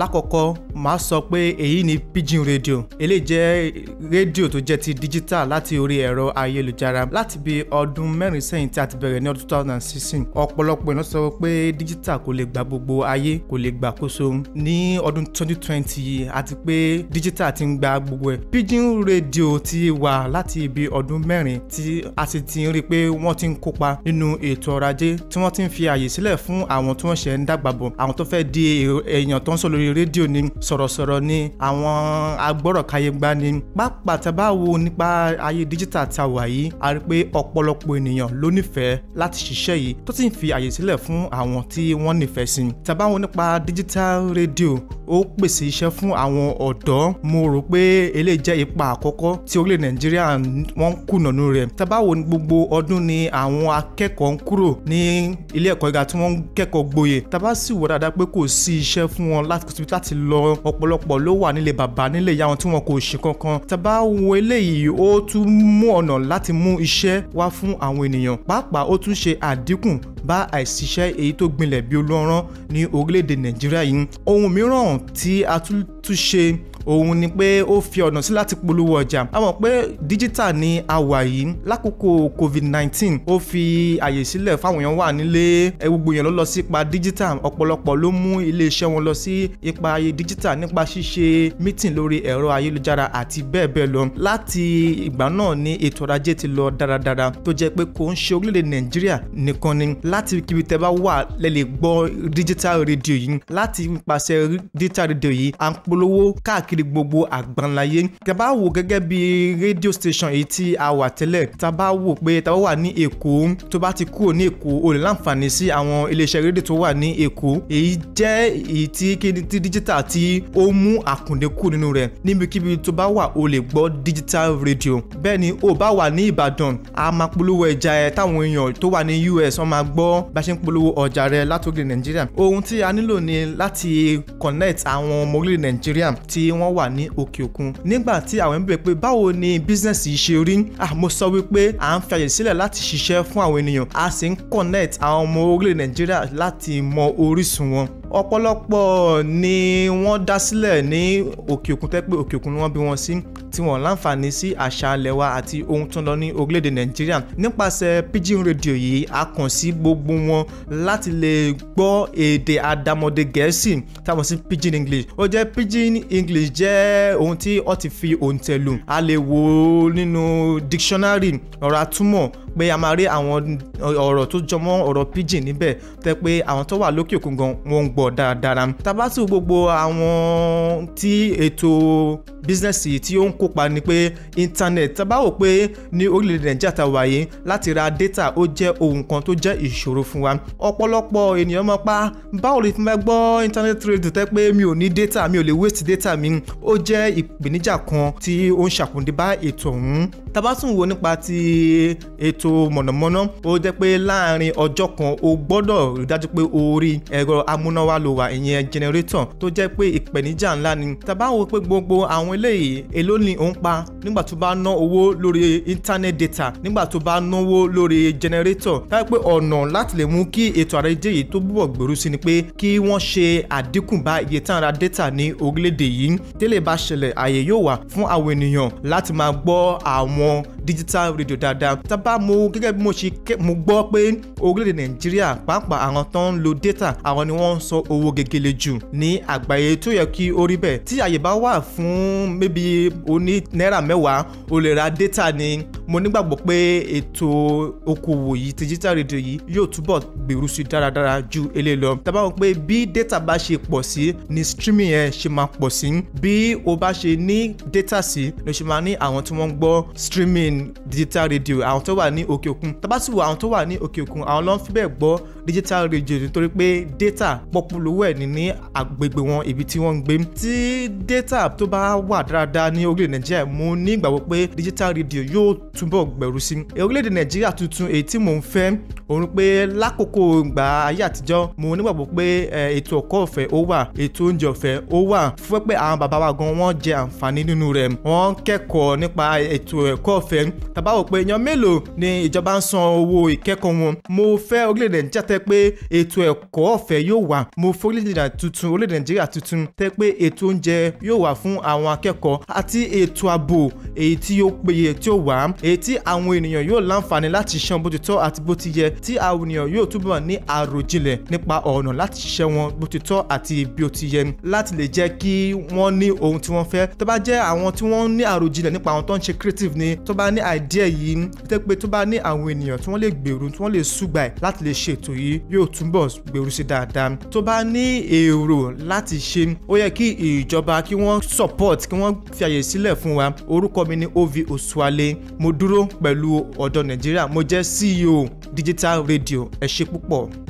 lákọ̀ọ́kọ́ màá sọ pé èyí ni pidgin radio eléyìí jẹ́ rédíò tó jẹ́ ti digital láti orí ẹ̀rọ ayélujára láti bí ọdún mẹ́rin sẹ́yìn tí a ti bẹ̀rẹ̀ ní ọdún 2016 ọ̀pọ̀lọpọ̀ iná sọ pé digital kò lè gba gbogbo ayé kò lè gbàkóso ní ọdún 2020 yìí àti pé digital ti ń gba gbogbo ẹ̀ pidgin radio ti wà láti ibi ọdún mẹ́rin tí a sì ti rí i pé wọ́n ti ń kópa nínú ètò ọrọ̀ ajé tí wọ́n ti ń fi àyè sílẹ̀ fún àwọn tí wọ́n ṣẹ̀ ń dàgbà bọ̀ àwọn tó fẹ́ di èèyàn tó ń sọ lórí rédíò ní sọ̀rọ̀sọ̀rọ̀ ni àwọn agbọ́rọ̀káyégbá ni pápá tábà wo nípa ayé díjítà ta wà yìí a rí pé ọ̀pọ̀lọpọ̀ ènìyàn ló nífẹ̀ẹ́ láti ṣiṣẹ́ yìí tó sì ń fi àyè sílẹ̀ fún àwọn tí wọ́n nífẹ̀ẹ́ sí tábà wo nípa digital radio ó pèsè iṣẹ́ fún àwọn ọ̀dọ́ mo rò pé eléyìí jẹ́ ipa àkọ́kọ́ tí orílẹ̀ nàìjíríà wọ́n kùnànú rẹ̀ tábà wo ní gbogbo ọdún ni àwọn akẹ́kọ̀ọ́ ń kúrò ní ilé ẹ̀kọ́ gíga tí wọ́n kẹ́kọ̀ọ́ gboyè tábà sì wò dáadáa pé kò sí iṣẹ́ fún wọn láti lọ ọ̀pọ̀lọpọ̀ ló wà nílé bàbá nílé ìyá wọn tí wọn kò ṣe kankan tàbá wo eléyìí ó tún mú ọ̀nà láti mú iṣẹ́ wá fún àwọn ènìyàn pàápàá ó tún ṣe àdínkù bá àìsíṣẹ́ èyí tó gbinlẹ̀ bí olóran ní orílẹ̀-èdè nàìjíríà yìí ohun mìíràn tí a tún tún ṣe òun ni pé ó fi ọ̀nà sí láti polówó ọjà a mọ̀ pé díjítà ni a wà yìí lákòókò covid-19 ó fi àyè sílẹ̀ fáwọn èèyàn wà nílé gbogbo èèyàn ló lọ sí ipa díjítà ọ̀pọ̀lọpọ̀ ló mú iléeṣẹ́ wọn lọ sí ipa ayé díjítà nípa ṣíṣe mítìn lórí ẹ̀rọ ayélujára àti bẹ́ẹ̀ bẹ́ẹ̀ lọ láti ìgbà náà ni ètò ọrọ̀ ajé ti lọ dáradára tó jẹ́ pé kò ń ṣe orílẹ̀-èdè nàìjíríà nìkan ni láti kíbi tẹ́ bá wà lẹ́ lè gbọ́ digital radio yìí láti nípasẹ̀ digital radio yìí à ń polówó káàkiri gbogbo àgbáńláyé tẹ́ bá wò gẹ́gẹ́ bí radio station èyí tí a wà tẹ́lẹ̀ tá a bá wò pé tá a wà ní Èkó tó bá ti kúrò ní Èkó o lè láǹfààní sí àwọn iléeṣẹ́ rédíò tó wà ní Èkó èyí jẹ́ èyí tí kéde tí digital tí ó mú àkùndé kù nínú rẹ̀ níbikíbi tó bá wà o lè gbọ́ digital radio bẹ́ẹ̀ ni o bá wà ní Ìbàdàn a máa polówó ẹja ẹ táwọn èèyàn tó wà ní US wọ́n máa gbọ́ gbọ́ bá ṣe ń polówó ọjà rẹ látòkè nàìjíríà ohun tí a nílò ni láti connect àwọn ọmọ orílẹ̀ nàìjíríà tí wọ́n wà ní òkè òkun nígbà tí àwọn ń bẹ̀ pé báwo ni business yìí ṣe rí ah mo sọ wípé à ń fi àyè sílẹ̀ láti ṣiṣẹ́ fún àwọn ènìyàn a sì ń connect àwọn ọmọ orílẹ̀ nàìjíríà láti mọ orísun wọn ọ̀pọ̀lọpọ̀ ni wọ́n dá sílẹ̀ ní òkè òkun tẹ́ pé òkè òkun ni wọ́n bí wọn sí tí wọ́n láǹfààní sí àṣà alẹ́ wa àti ohun tó ń lọ ní orílẹ̀-èdè nàìjíríà nípasẹ̀ pidgin radio yìí a kàn sí gbogbo wọn láti lè gbọ́ èdè àdàmọ̀dè gẹ̀ẹ́sì táwọn sí pidgin english ó jẹ́ pidgin english jẹ́ ohun tí ó ti fi òǹtẹ̀ lù a lè wò ó nínú dictionary ọ̀rọ̀ àtúmọ̀ pé a máa rí àwọn ọ̀rọ̀ tó jọmọ́ ọ̀rọ̀ pidgin níbẹ̀ tẹ́ pé àwọn tó wà lókè òkun gan wọ́n ń gbọ́ dáradára tabasi gbogbo àwọn tí ètò bísínẹ́sì tí ó ń kópa ni pé íńtánẹ́ẹ̀tì tá wò pé ní orílẹ̀-èdè nàìjíríà tá wà láti ra data ó jẹ́ ohun kan tó jẹ́ ìṣòro fún wa ọ̀pọ̀lọpọ̀ ènìyàn mọ̀ pa báwo lè fi gbọ́ íńtánẹ́ẹ̀tì rédíò tẹ́ pé mi ò ní data mi ò lè waste data mi ó jẹ́ ìpèníjà kan tí ó ń ṣàkóńdé bá ètò ọ̀hún tábà tún wò nípa ti ètò mọ̀nàmọ́ná ó jẹ́ pé láàrin ọjọ́ kan o gbọ́dọ̀ rí dájú pé o rí ẹ̀rọ amúnáwá ló wà ìyẹn jẹnẹrétọ̀ tó jẹ́ pé ìpèníjà ńlá ni tábà pé gbogbo àwọn eléyìí èló ni òun pa nígbà tó bá ná owó lórí internet data nígbà tó bá náwó lórí jẹnẹrétọ̀ táwọn pé ọ̀nà láti lè mú kí ètò àrẹ jẹ́ èyí tó búbọ̀ gbèrú sí ni pé kí wọ́n ṣe àdínkù bá iye tá ra data ní orílẹ̀-èdè yìí tẹ́lẹ̀ bá ṣẹlẹ̀ àyè yóò wà fún àwọn ènìyàn láti máa gbọ́ àwọn àwọn digital radio dáadáa tábà mo gẹ́gẹ́ bí mo ṣe mo gbọ́ pé orílẹ̀-èdè nàìjíríà pàápàá àwọn tó ń lo data àwọn ni wọ́n ń sọ owó gegele jù ní àgbáyé tó yẹ kí ó rí bẹ́ẹ̀ tí àyè bá wà fún maybe oní náírà mẹ́wàá o lè ra data ní mo nígbàgbọ́ pé ètò okòwò yìí digital radio yìí yóò túbọ̀ gbèrú sí dáradára ju eléyìí lọ tá bá pé bí data bá ṣe pọ̀ sí ni streaming yẹn ṣe máa pọ̀ sí bí o bá ṣe ní data sí ló ṣe máa ní àwọn tí wọ́n ń gbọ́ streaming digital radio àwọn tó wà ní òkè òkun tá bá sì wò àwọn tó wà ní òkè òkun àwọn ló ń fi bẹ́ẹ̀ gbọ́ digital radio nítorí pé data pọpulowó ẹ̀ ní ní agbègbè wọn ibi tí wọ́n ń gbé tí data tó bá wà dáradára ní orílẹ̀ nàìjíríà mo ní ìgbàgbọ́ pé digital radio yóò túbọ̀ gbèrú sí orílẹ̀-èdè nàìjíríà tuntun èyí tí mò ń fẹ́ òun pé lákòókò ìgbà ayé àtijọ́ mo nígbàgbọ́ pé ètò ọ̀kọ́ ọ̀fẹ́ ó wà ètò oúnjẹ ọ̀fẹ́ ó wà fún pé àwọn bàbá wa gan wọ́n jẹ àǹfààní nínú rẹ̀ wọ́n kẹ́kọ̀ọ́ nípa ètò ẹ̀kọ́ ọ̀fẹ́ tàbá wò pé èèyàn mélòó ni ìjọba ń san owó ìkẹ́kọ̀ọ́ wọn mo fẹ́ orílẹ̀-èdè Nàìjíríà tẹ́ pé ètò ẹ̀kọ́ ọ̀fẹ́ yóò wà mo fẹ́ orílẹ̀-èdè tuntun orílẹ̀-èdè Nàìjíríà tí àwọn ènìyàn yóò túbọ̀ ní àròjinlẹ̀ nípa ọ̀nà láti ṣiṣẹ́ wọn bó ti tọ́ àti bí ó ti yẹ láti lè jẹ́ kí wọ́n ní ohun tí wọ́n fẹ́ tó bá jẹ́ àwọn tí wọ́n ní àròjinlẹ̀ nípa àwọn tó ń ṣe creative ni tó bá ní idea yìí tó pé tó bá ní àwọn ènìyàn tí wọ́n lè gbèrú tí wọ́n lè súgbà ẹ̀ láti lè ṣètò yìí yóò túbọ̀ gbèrú sí dáadáa tó bá ní èrò láti ṣe ó yẹ support kí wọ́n fi àyè sílẹ̀ fún wa orúkọ Ovi Osuale mo dúró pẹ̀lú ọ̀dọ́ Nàìjíríà CEO digital radio ẹ ṣe púpọ̀.